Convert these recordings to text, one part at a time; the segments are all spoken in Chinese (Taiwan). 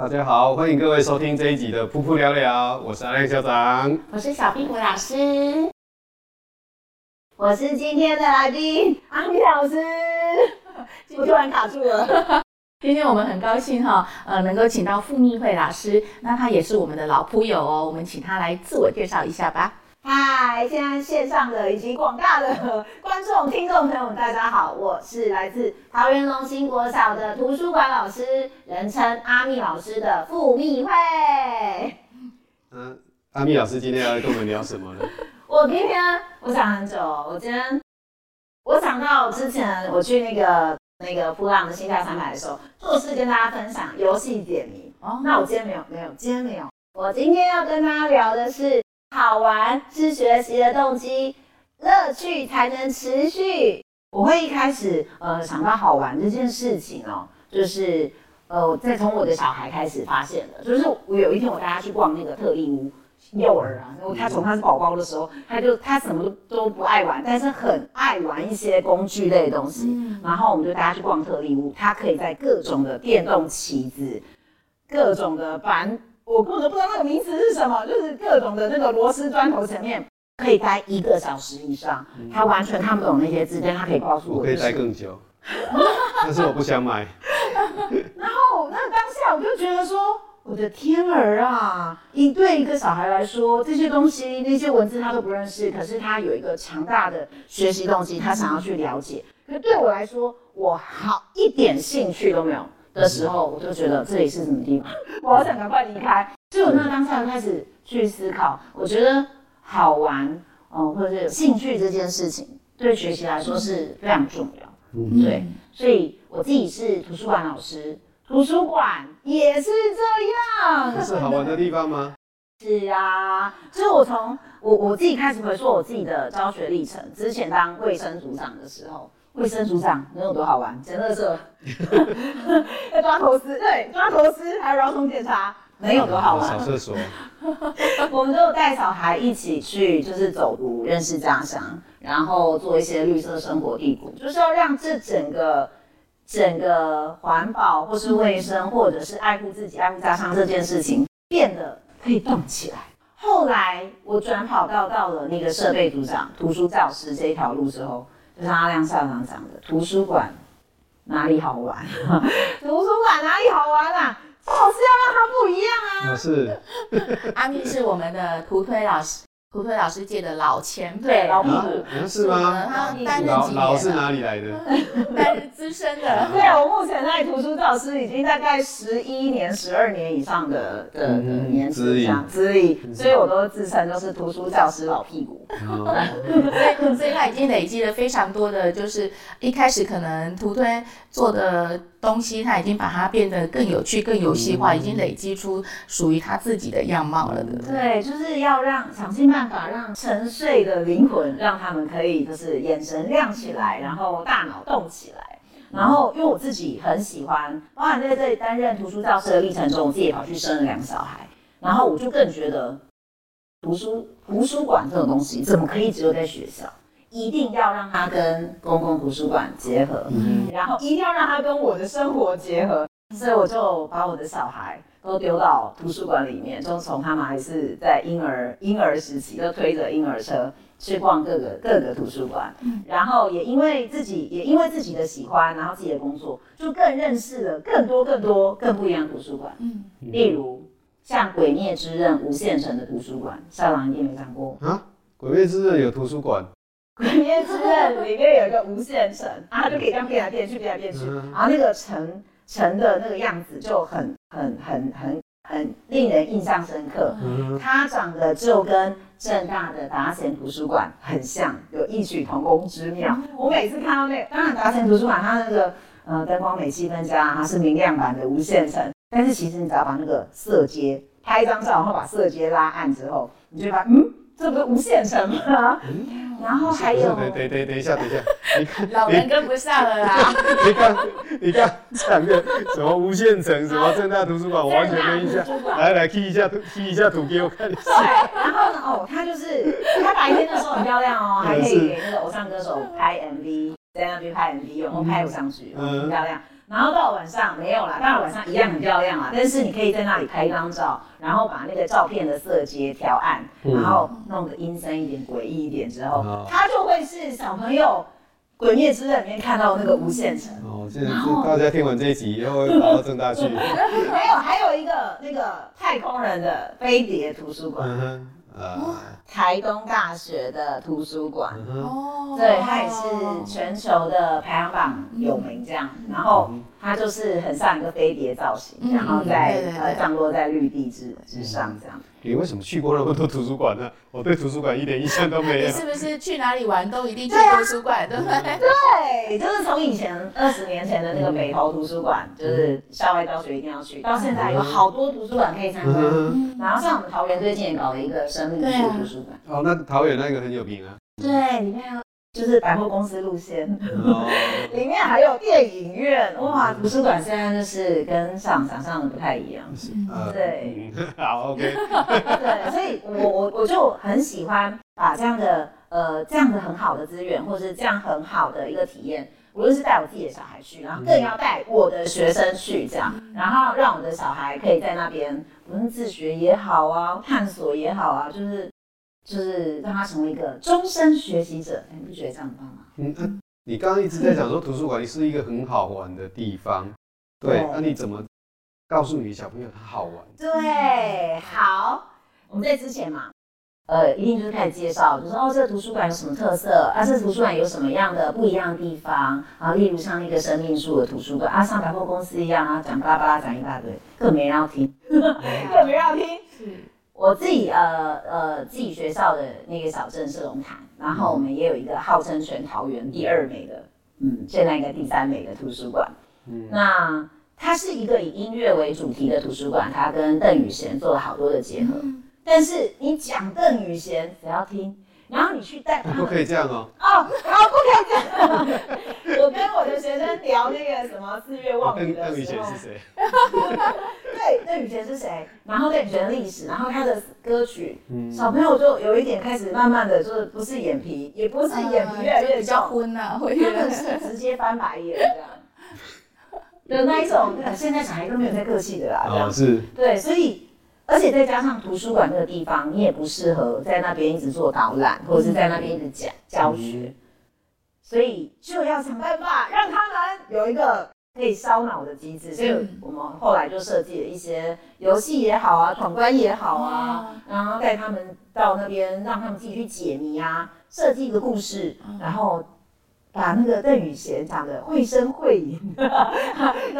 大家好，歡迎各位收聽這一集的《噗噗聊聊》，我是阿亮校長，我是小壁虎老師，我是今天的來賓阿宓老師，我突然卡住了。今天我們很高興哈、哦，呃，能夠請到傅宓慧老師，那他也是我們的老噗友哦，我們請他來自我介紹一下吧。嗨，現在線上的以及廣大的觀眾、聽眾朋友們，大家好！我是來自桃園龍新國小的圖書館老師，人稱阿宓老師的傅宓慧。嗯、啊，阿宓老師今天要跟我們聊什麼呢？ 我今天我想很久、哦，我今天我想到之前我去那個那個噗浪的新加三排的時候，做是跟大家分享遊戲點名哦。那我今天沒有，沒有，今天沒有。我今天要跟大家聊的是。好玩是學習的動機，樂趣才能持續。我會一開始呃想到好玩這件事情哦，就是呃在從我的小孩開始發現的，就是我有一天我帶他去逛那個特力屋，嗯、幼兒啊，因為他從他是寶寶的時候，他就他什麼都都不愛玩，但是很愛玩一些工具類的東西。嗯、然後我們就帶他去逛特力屋，他可以在各種的電動起子，各種的板，我根本不知道那個名詞是什麼，就是各種的那個螺絲磚頭層面，可以待一個小時以上，他完全看不懂那些字，但他可以告訴我，我可以待更久，但 是我不想買。 然後，那當下我就覺得說，我的天啊！一對一個小孩來說，這些東西那些文字他都不認識，可是他有一個強大的學習動機，他想要去了解。可是對我來說，我好一點興趣都沒有。的時候，我就覺得這裡是什麼地方，我好想趕快離開。所以我那當下開始去思考，我覺得好玩，嗯，或者是興趣這件事情，對學習來說是非常重要，對。所以我自己是圖書館老師，圖書館也是這樣，對不對？這是好玩的地方嗎？是啊，所以我從我我自己開始回溯我自己的教學歷程，之前當衛生組長的時候。衛生組長能有多好玩？撿垃圾、在 抓頭蝨，對，抓頭蝨，還有繞桶檢查，能有多好玩？掃廁所。我，說說 我們都有帶小孩一起去，就是走讀認識家鄉，然後做一些綠色生活地圖，就是要讓這整個整個環保，或是衛生，或者是愛護自己、愛護家鄉這件事情變得可以動起來。 後來我轉跑道到，到了那個設備組長、圖書教師這一條路之後。阿亮校長講的圖書館哪裡好玩？ 圖書館哪裡好玩啊？哦，是要讓它不一樣啊！哦、是 阿宓是我們的圖推老師。圖推老師界的老前輩、老屁股是嗎？他擔任幾年老？老是哪裡來的？擔任資深的。對、 啊，我目前在圖書教師已經大概十一年、十二年以上的的，的年資、資、嗯、歷，所以我都自稱都是圖書教師老屁股。 所以，所以他已經累積了非常多的，就是一開始可能圖推做的，東西他已經把它變得更有趣、更遊戲化、嗯，已經累積出屬於他自己的樣貌了。對，對,對，就是要讓想盡辦法讓沉睡的靈魂，讓他們可以就是眼神亮起來，然後大腦動起來。然後，因為我自己很喜歡，當然，在這裡擔任圖書教師的歷程中，我自己跑去生了兩個小孩，然後我就更覺得，圖書、圖書館這種東西怎麼可以只有在學校？一定要讓他跟公共圖書館結合，然後一定要讓他跟我的生活結合，所以我就把我的小孩都丟到圖書館裡面，就從他們還是在嬰兒嬰兒時期，就推着嬰兒車去逛各個各個圖書館，然後也因為自己也因為自己的喜歡，然後自己的工作，就更認識了更多更多更不一樣的圖書館，例如像《鬼滅之刃》無限城的圖書館，校長你有沒有講過啊？《鬼滅之刃》有圖書館。裡面是不是裡面有一個無限城？ 啊就可以這樣變來變去，變來變去。然、嗯、後、啊、那個城城的那個樣子就很很很很很令人印象深刻、嗯。它長得就跟政大的達賢圖書館很像，有異曲同工之妙、嗯。我每次看到那個，當然達賢圖書館它那個呃燈光美氣氛佳，它是明亮版的無限城。但是其實你只要把那個色階拍一張照，然後把色階拉暗之後，你就會發嗯。這不是無限城嗎、嗯？然後還有等等等等一下，等一下，你看老人跟不上了啊！你看，你看，這兩個什麼無限城，什麼政大圖書館，書我完全跟一下，來來 p 一下，P 一,一下圖給我看一下。然後呢？哦、喔，他就是他白天的時候很漂亮哦、喔，還可以給那個偶像歌手拍 MV，在那邊拍 MV，有時拍不上去有有很、嗯，很漂亮。然後到晚上沒有啦，當然晚上一樣很漂亮啊。但是你可以在那裡拍一張照，然後把那個照片的色階調暗，嗯、然後弄得陰森一點、詭異一點之後，它、嗯、就會是小朋友《鬼滅之刃》裡面看到那個無限城。哦、現在大家聽完這一集，然後跑、嗯、到正大去。還、嗯、有， 還有一個那個太空人的飛碟圖書館。嗯呃，台東大學的圖書館，嗯，對，它，哦，也是全球的排行榜有名這樣，嗯，然後。它就是很像一個飛碟造型，嗯，然後在呃降落在綠地之之上這樣。你為什麼去過那麼多圖書館呢？啊？我對圖書館一點印象都沒有。 你是不是去哪裡玩都一定去圖書館，對不對？對，就是從以前二十、嗯、年前的那個北投圖書館，就是校外教學一定要去，到現在有好多圖書館可以參觀。嗯嗯、然後像我們桃園最近也搞了一個生命樹圖書館、啊。哦，那桃園那個很有名啊。對。你看有就是百貨公司路線，哦、 裡面還有電影院，哇！圖書館現在就是跟上想像的不太一樣，嗯、對，嗯、好，OK， 對，所以我我我就很喜歡把這樣的呃這樣的很好的資源，或者是這樣很好的一個體驗，無論是帶我自己的小孩去，然後更要帶我的學生去，這樣，然後讓我的小孩可以在那邊，無、嗯、論自學也好啊，探索也好啊，就是。就是讓他成為一個終身學習者，欸、你不覺得這樣很棒嗎、嗯？嗯，你剛剛一直在講說圖書館是一個很好玩的地方，嗯、對。那、哦啊、你怎麼告訴你小朋友它好玩？對，好，我們在之前嘛，呃，一定就是開始介紹，就說哦，這個、圖書館有什麼特色？啊，這個、圖書館有什麼樣的不一樣的地方？啊，例如像一個生命樹的圖書館，啊，上百貨公司一樣，啊，講巴拉巴拉講一大堆，更沒人要聽、啊，更沒人要聽，是、 嗯。我自己呃呃自己學校的那個小鎮是龍潭，然後我們也有一個號稱全桃園第二美的，嗯，現在應該第三美的圖書館。嗯，那它是一個以音樂為主題的圖書館，它跟鄧雨賢做了好多的結合。嗯、但是你講鄧雨賢，誰要聽？然後你去帶他不可以這樣哦。哦，好，啊，不可以這樣。 我跟我的學生聊那個什麼四月望雨的時候。鄧鄧雨賢是誰？ 對，鄧雨賢是誰？然後對人歷史，然後他的歌曲，嗯，小朋友就有一點開始慢慢的就是不是眼皮，也不是眼皮越來越、嗯、越來越比較昏了。他們是直接翻白眼的，嗯嗯。的那一種，現在小孩都沒有太客氣的啦，啊。哦這樣，是。對，所以。而且再加上圖書館那個地方，你也不適合在那邊一直做導覽，或者是在那邊一直講教學、嗯，所以就要想辦法讓他們有一個可以燒腦的機制。嗯、所以我們後來就設計了一些遊戲也好啊，闖關也好啊，然後帶他們到那邊，讓他們自己去解謎啊，設計一個故事，嗯、然後。把那個鄧雨賢講的繪聲繪影，然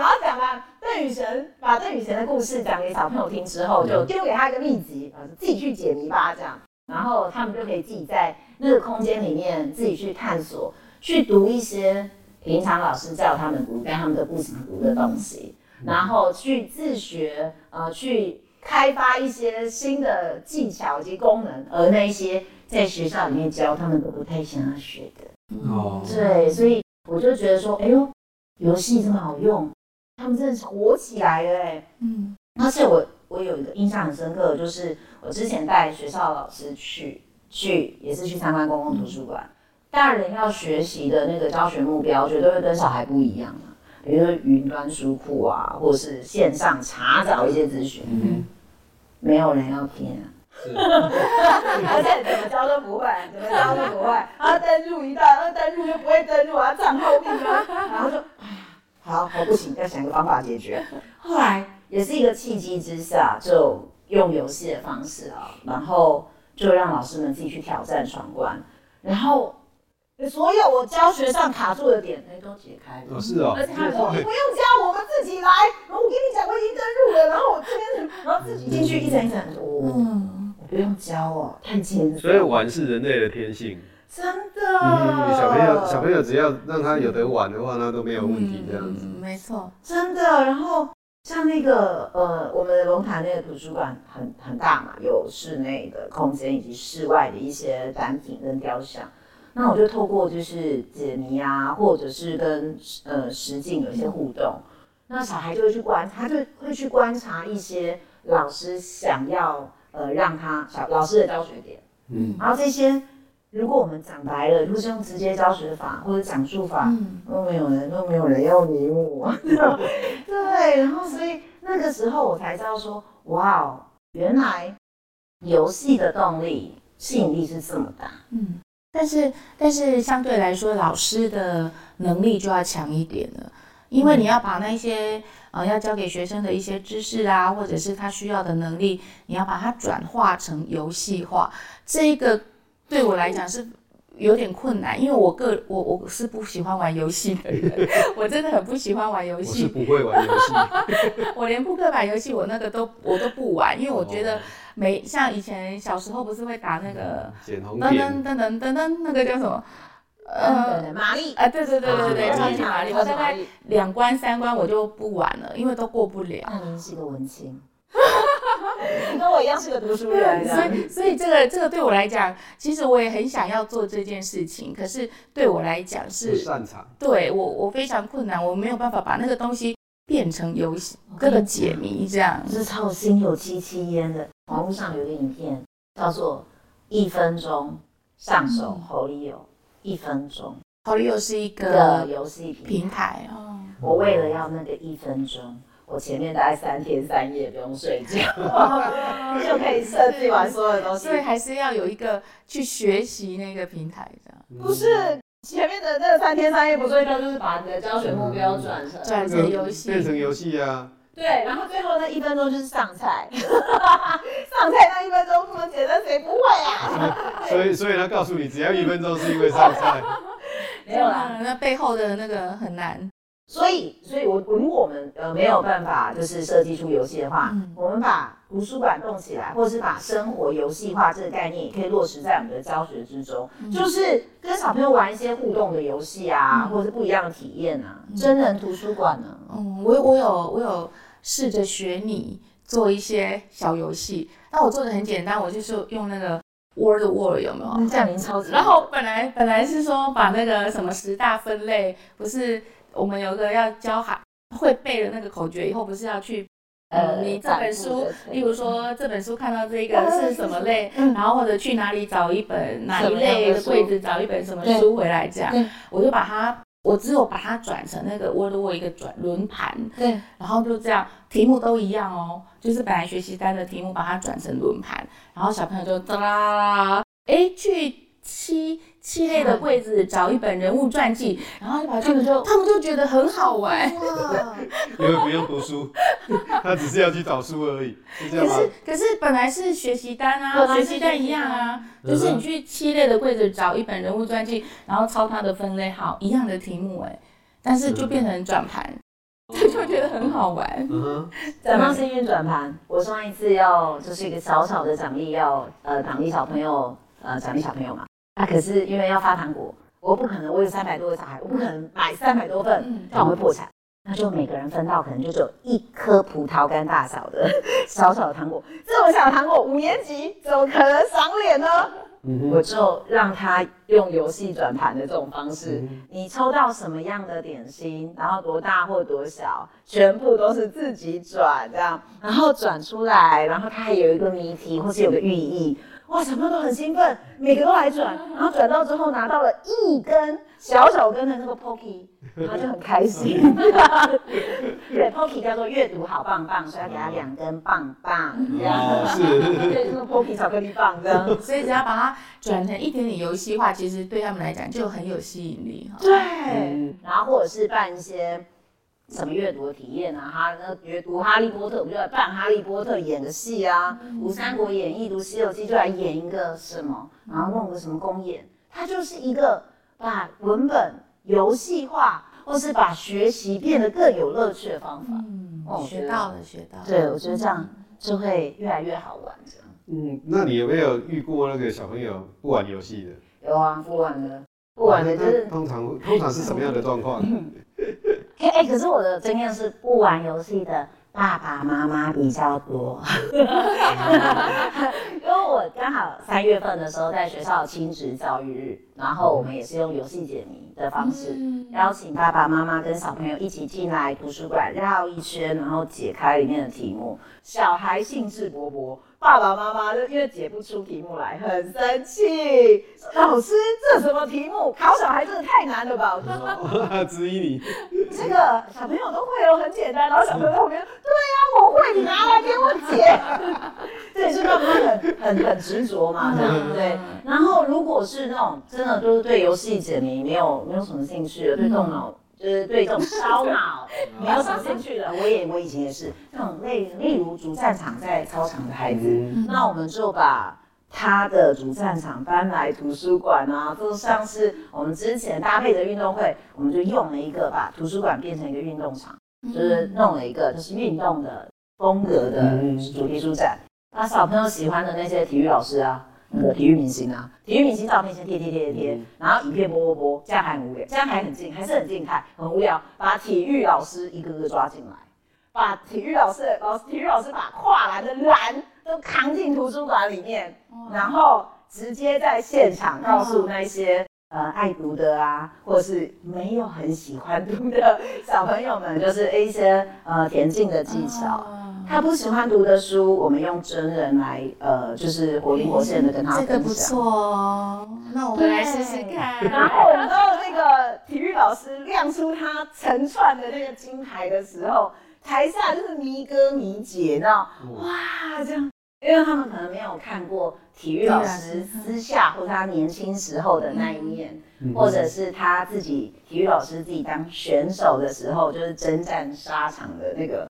後講完鄧雨賢，把鄧雨賢的故事講給小朋友聽之後，就丟給他一個祕籍，啊，自己去解謎吧這樣。然後他們就可以自己在那個空間裡面自己去探索，去讀一些平常老師教他們讀跟他們都不想讀的東西，然後去自學，呃，去開發一些新的技巧及功能，而那一些在學校裡面教他們都不太想要學的。.哦、oh.，對，所以我就覺得說，哎呦，遊戲這麼好用，他們真的是火起來了，嗯、mm -hmm.。而且我我有一個印象很深刻，就是我之前帶學校的老師去去也是去參觀公共圖書館，mm -hmm. 大人要學習的那個教學目標絕對會跟小孩不一樣、啊、比如說雲端書庫啊，或者是線上查找一些資訊，嗯、mm -hmm.，沒有人要聽、啊。哈哈哈哈，而且怎麼教都不會，怎麼教都不會。他、 啊、登入一段，他、啊、登入就不會登入，啊站後面，然後就好，我不行，再想個方法解決。 後來也是一個契機之下，就用遊戲的方式啊，然後就讓老師們自己去挑戰闖關，然後所有我教學上卡住的點，哎，都解開了、哦。是啊、哦，而且他們不用教，我們自己來。然後我跟你講過，已經登入了，然後我這邊，然後自己進去一層一層的，嗯嗯不用教哦，太輕。所以玩是人類的天性，真的。嗯，小朋友，小朋友只要讓他有的玩的話，那都沒有問題這樣子。嗯嗯。沒錯，真的。然後像那個呃，我們的龍潭那個圖書館很很大嘛，有室內的空間以及室外的一些展品跟雕像。那我就透過就是解謎啊，或者是跟呃實境有一些互動，那小孩就會去觀察，他就會去觀察一些老師想要。呃，讓他小老師的教學點，嗯，然後這些，如果我們講白了，如果是用直接教學法或者講述法，嗯，都沒有人，都沒有人要理我， 對，然後所以那個時候我才知道說，哇哦，原來遊戲的動力吸引力是這麼大，嗯，但是但是相對來說，老師的能力就要強一點了，因為你要把那些。嗯啊、呃，要教給學生的一些知識啊，或者是他需要的能力，你要把它轉化成遊戲化，這個對我來講是有點困難，因為我個我我是不喜歡玩遊戲的人。 我真的很不喜歡玩遊戲，我是不會玩遊戲， 我連撲克牌遊戲我那個都我都不玩，因為我覺得沒、哦、像以前小時候不是會打那個，噔噔噔噔噔噔，那個叫什麼？嗯，瑪麗啊，對對對對對，超、啊、級瑪麗，我大概兩關三關我就不玩了，因為都過不了。那您是個文青， 跟我一樣是個讀書人，所以所以，所以這個這個對我來講，其實我也很想要做這件事情，可是對我來講是擅長，對我我非常困難，我沒有辦法把那個東西變成遊戲，okay. 各個解謎這樣。這是操心有戚戚焉的。網絡上有一個影片叫做《一分鐘上手 Holiyo》。一分鐘，考利歐是一個遊戲平台。哦、oh.，我為了要那個一分鐘，我前面大概三天三夜不用睡覺， 就可以設計完所有的東西，所以還是要有一個去學習那個平台這樣、嗯，不是前面的那個三天三夜不睡覺，就是把你的教學目標轉成轉成遊戲，變成遊戲啊。對，然後最後的那一分鐘就是上菜。 上菜那一分鐘這麼簡單，誰不會啊？所以，所以他告訴你，只要一分鐘是因為上菜。 沒有啦、嗯，那背後的那個很難。所以，所以我如果我們呃沒有辦法，就是設計出遊戲的話、嗯，我們把圖書館動起來，或是把生活遊戲化這個概念，也可以落實在我們的教學之中、嗯，就是跟小朋友玩一些互動的遊戲啊，嗯、或者是不一樣的體驗啊，嗯、真人圖書館呢、啊？嗯，我我有，我有。試着學你做一些小遊戲，但我做的很簡單，我就是用那個 Word Word 有沒有？這樣子你超子。然後本來本來是說把那個什麼十大分類，不是我們有個要教孩會背的那個口訣，以後不是要去呃你這本書，例如說這本書看到這一個是什麼類，嗯，然後或者去哪裡找一本哪一類的櫃子的找一本什麼書回來這樣。我就把它。我只有把它轉成那個沃爾 d 一個轉輪盤，對，然後就這樣，題目都一樣哦，就是本來學習單的題目，把它轉成輪盤，然後小朋友就噠誒啦去啦七七類的櫃子、啊、找一本人物傳記，然後就把這個就，他們就覺得很好玩。 因為不用讀書，他只是要去找書而已。可 是可是本來是學習單啊，哦、學習單一樣啊、嗯，就是你去七類的櫃子找一本人物傳記，然後抄他的分類號，一樣的題目誒。但是就變成轉盤，他 就覺得很好玩。嗯哼，轉到是因為轉盤，我上一次要就是一個小小的獎勵，要呃獎勵小朋友，呃獎勵小朋友嘛。啊、可是因為要發糖果，我不可能，我有三百多個小孩，我不可能買三百多份，不、嗯、我會破產、嗯。那就每個人分到可能就只有一顆葡萄乾大小的小小的糖果。這種小的糖果，五年級怎麼可能賞臉呢、嗯？我就讓他用遊戲轉盤的這種方式、嗯，你抽到什麼樣的點心，然後多大或多小，全部都是自己轉這樣，然後轉出來，然後它還有一個謎題，或是有個寓意。哇，小朋友都很興奮，每個都來轉，然後轉到之後，拿到了一根小小根的這個 Pocky 他就很開心。對 Pocky 叫做閱讀好棒棒，所以要給他兩根棒棒。啊，這樣是， 是，對，對，對 Pokey，小這個 Pocky 巧克力棒根，所以只要把它轉成一點點遊戲化，其實對他們來講就很有吸引力哈。對、嗯，然後或者是辦一些。什麼閱讀的體驗啊？哈，那閱讀《哈利波特》波特，我們就來辦哈利波特演個戲啊？嗯、讀《三國演義》、讀《西遊記》，就來演一個什麼，然後弄個什麼公演？它就是一個把文本遊戲化，或是把學習變得更有樂趣的方法。嗯，學到了，學到了。對，我覺得這樣就會越來越好玩的。這樣。嗯，那你有沒有遇過那個小朋友不玩遊戲的？有啊，不玩的。不玩的，就是通常通常是什麼樣的狀況？哎、嗯，欸，可是我的經驗是，不玩遊戲的爸爸媽媽比較多。 因為我剛好三月份的時候在學校有親職教育日。然後我們也是用遊戲解謎的方式，嗯，邀請爸爸媽媽跟小朋友一起進來圖書館繞一圈，然後解開裡面的題目。小孩興致勃勃，爸爸媽媽就因為解不出題目來，很生氣。老師，這什麼題目？考小孩真的太難了吧？嗯， 我剛剛質疑你，這個小朋友都會有、哦，很簡單。然後小朋友在後面對呀，啊，我會，你拿來給我解。 ”這，就是讓他很很很執着嘛，對不對？嗯啊，然後如果是那種真的。就是對遊戲解謎沒有沒有什麼興趣了，對動腦、嗯、就是對這種燒腦沒有什麼興趣了。我也我以前也是這種類例如主戰場在操場的孩子、嗯，那我們就把他的主戰場搬來圖書館啊。就上次我們之前搭配的運動會，我們就用了一個把圖書館變成一個運動場，就是弄了一個就是運動的風格的主題書展，那、嗯、小朋友喜歡的那些體育老師啊。嗯，體育明星啊，體育明星照片先貼貼貼貼，然後影片播播播，這樣還很無聊，這樣還很靜，還是很靜態，很無聊。把體育老師一個個抓進來，把體育老師，老師，體育老師把跨欄的欄都扛進圖書館裡面、嗯，然後直接在現場告訴那些、嗯、呃愛讀的啊，或是沒有很喜歡讀的小朋友們，就是一些呃田徑的技巧。嗯他不喜歡讀的書、嗯，我們用真人來，呃，就是活靈活現的跟他分享。這個不錯哦，那我們來試試看。 然後我們到那個體育老師亮出他成串的那個金牌的時候，台下就是迷哥迷姐，然後哇，這樣。因為他們可能沒有看過體育老師私下或他年輕時候的那一面，嗯、或者是他自己體育老師自己當選手的時候，就是征戰沙場的那個。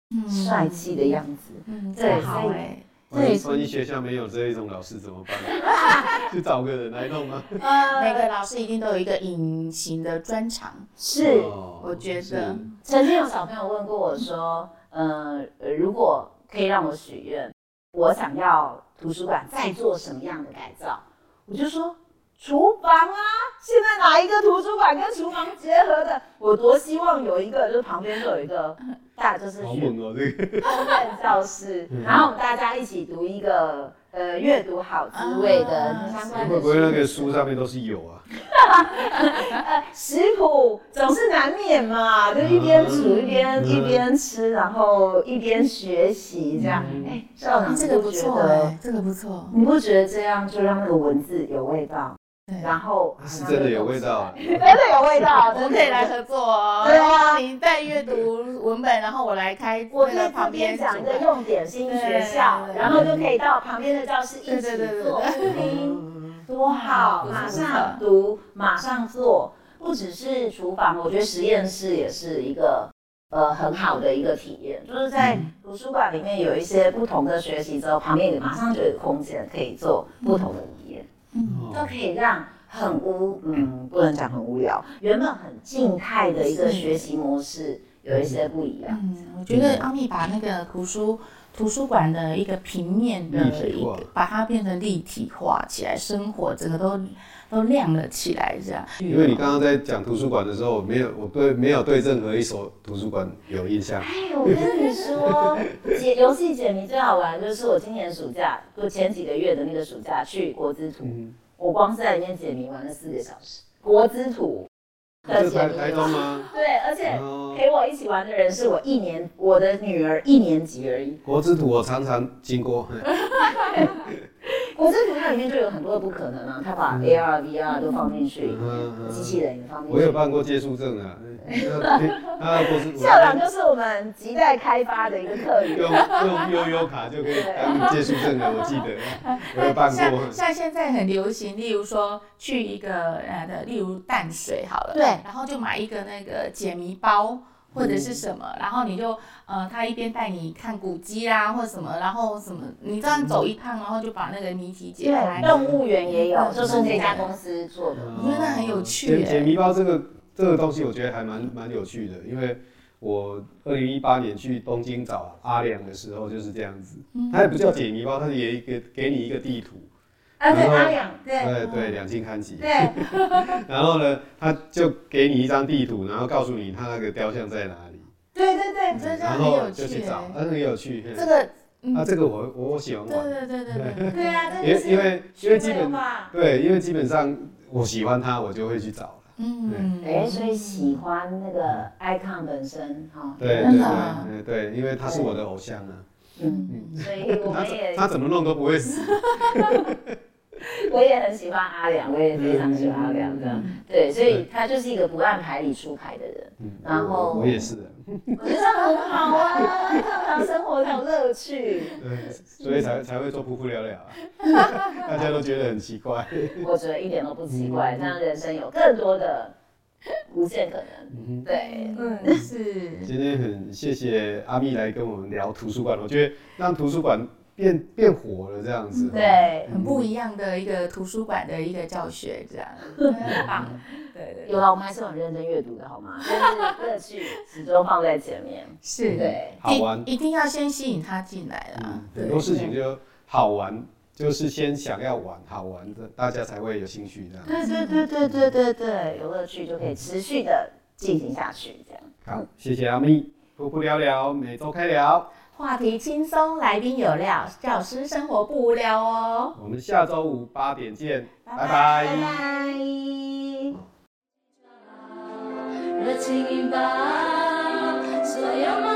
帥氣的樣子，嗯、對，最好哎、欸！所以，說，你學校沒有這一種老師怎麼辦？去 找個人來弄啊！每、uh, 個老師一定都有一個隱形的專長， 是、哦、我覺得。曾經有小朋友問過我說：“ 呃，如果可以讓我許願，我想要圖書館再做什麼樣的改造？”我就說。廚房啊，現在哪一個圖書館跟廚房結合的？我多希望有一個，就是旁邊就有一個大就是學好猛哦、喔！烹 飪教室，然後大家一起讀一個呃閱讀好滋味的相關的，會、啊、不會那個書上面都是有啊？哈哈哈食譜總是難免嘛，就一邊煮、嗯、一邊一邊吃，然後一邊學習這樣。哎、嗯，校長，這個不錯哎、欸，這個不錯，你不覺得這樣就讓那個文字有味道？然後、啊、是真的有味道，啊啊、真的有味道， 真的我們可以來合作。哦。對啊，你帶閱讀文本， 然後我來開，我在旁邊講一個用點心學校，然後就可以到旁邊的教室一起做、嗯，多好、啊馬馬馬！馬上讀，馬上做，不只是廚房，我覺得實驗室也是一個呃很好的一個體驗，嗯、就是在圖書館裡面有一些不同的學習之後，旁邊你馬上就有空間可以做不同的。嗯、都可以讓很無，嗯，不能講很無聊，原本很靜態的一個學習模式、嗯、有一些不一樣、嗯。我覺得阿宓把那個圖書。圖書館的一個平面的一個，把它變成立體化起來，生活整個都都亮了起來，這樣。因為你剛剛在講圖書館的時候，我沒有我對沒有對任何一所圖書館有印象。哎，我跟你說，解 遊戲解謎最好玩，就是我今年暑假就前幾個月的那個暑假去國資圖、嗯，我光是在裡面解謎玩了四個小時。國資圖。就台台中嗎？ 對，而且陪我一起玩的人是我一年， 我的女兒一年級而已。國之土，我常常經過。 我這圖它裡面就有很多的不可能啊！他把 A R，嗯、V R 都放進去，機、嗯、器人也放進去。我有辦過借書證啊， 校長就是我們亟待開發的一個客人，用用悠遊卡就可以辦借書證的，對對對 我記得我有辦過像。像現在很流行，例如說去一個呃的，例如淡水好了，對，然後就買一個那個解謎包。或者是什麼，然後你就呃，他一邊帶你看古蹟啊，或者什麼，然後什麼，你這樣走一趟，然後就把那個謎題解開。動物園也有，就是那家，嗯，就是那家公司做的，我覺得那很有趣、欸。解解謎包這個這個東西，我覺得還蠻蠻有趣的，因為我二零一八年去東京找阿良的時候就是這樣子，它也不叫解謎包，它也給給你一個地圖。然後，對對，兩津勘吉。對。嗯、對對對對 然後呢，他就給你一張地圖，然後告訴你他那個雕像在哪裡。對對對，真很有趣欸，嗯、然後就去找，那、啊、很有趣。這個，嗯、啊，這個我我喜歡玩。對對對對對，對，對啊，因為因為基本對，因為基本上我喜歡他，我就會去找了。嗯，哎、欸，所以喜歡那個 icon 本身哈，對對對，對，對，因為他是我的偶像啊。嗯嗯。所以他，他怎麼弄都不會死。 我也很喜歡阿良，我也非常喜歡阿良的、嗯，對，所以他就是一個不按牌理出牌的人。嗯、然後我，我也是的，我覺得很好啊，日 常生活才有樂趣。對，所以才才會說噗噗聊聊， 大家都覺得很奇怪。我覺得一點都不奇怪，讓、嗯、人生有更多的無限可能、嗯。對，嗯，是。今天很謝謝阿宓來跟我們聊圖書館，我覺得讓圖書館。變變火了這樣子，嗯、對、嗯，很不一樣的一個圖書館的一個教學這樣，很棒、啊。嗯啊、對，對，對，對，有了我們還是很認真閱讀的，好嗎？ 但是哈樂趣始終放在前面，是的，好玩一定要先吸引他進來啦、嗯對。很多事情就好玩，就是先想要玩好玩的，大家才會有興趣這樣。對對對對對對，對，有樂趣就可以持續的進行下去這樣、嗯。好，謝謝阿宓，噗、嗯、噗聊聊每周開聊。話題輕鬆，來賓有料，教師生活不無聊哦。我們下周五八點見 Bye -bye, Bye -bye，拜拜，拜拜。所有